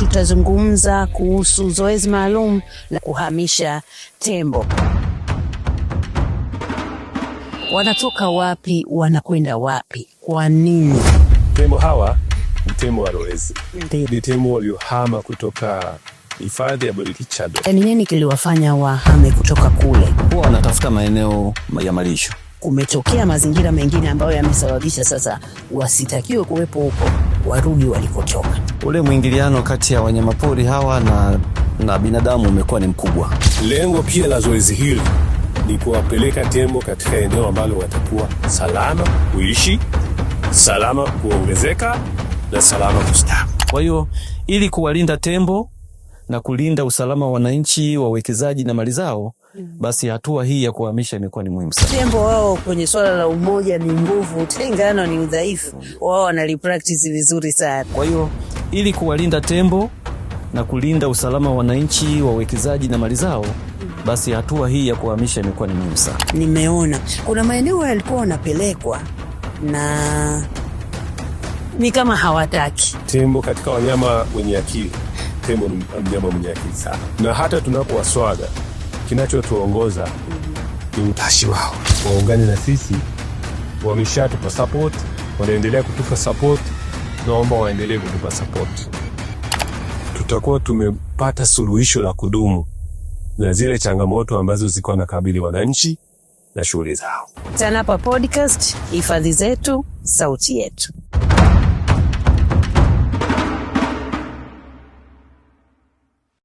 tutazungumza kuhusu zoezi maalum la kuhamisha tembo. Wanatoka wapi? Wanakwenda wapi? Kwa nini? Tembo hawa ni tembo walowezi, ni tembo waliohama kutoka hifadhi ya Burigi Chado. Eh, nini kiliwafanya wahame kutoka kule? Huwa wanatafuta maeneo ya malisho. Kumetokea mazingira mengine ambayo yamesababisha sasa wasitakiwe kuwepo huko, warudi walikotoka ule mwingiliano kati ya wanyamapori hawa na, na binadamu umekuwa ni mkubwa. Lengo pia la zoezi hili ni kuwapeleka tembo katika eneo ambalo watakuwa salama kuishi, salama kuongezeka na salama kustawi. Kwa hiyo ili kuwalinda tembo na kulinda usalama wa wananchi, wawekezaji na mali zao, mm. basi hatua hii ya kuhamisha imekuwa ni muhimu sana. Tembo wao kwenye swala la umoja ni nguvu, utengano ni udhaifu. Wao practice vizuri sana, kwa hiyo ili kuwalinda tembo na kulinda usalama wa wananchi, wawekezaji na mali zao, basi hatua hii ya kuhamisha imekuwa ni muhimu sana. Nimeona kuna maeneo yalikuwa wanapelekwa na ni kama hawataki tembo. Katika wanyama wenye akili, tembo ni mnyama mwenye akili sana, na hata tunapowaswaga kinachotuongoza ni utashi wao. Waungane na sisi, wameshatupa sapoti, wanaendelea kutupa sapoti. Naomba waendelee kutupa support. Tutakuwa tumepata suluhisho la kudumu na zile changamoto ambazo ziko na kabili wananchi na shughuli zao. TANAPA Podcast, hifadhi zetu, sauti yetu.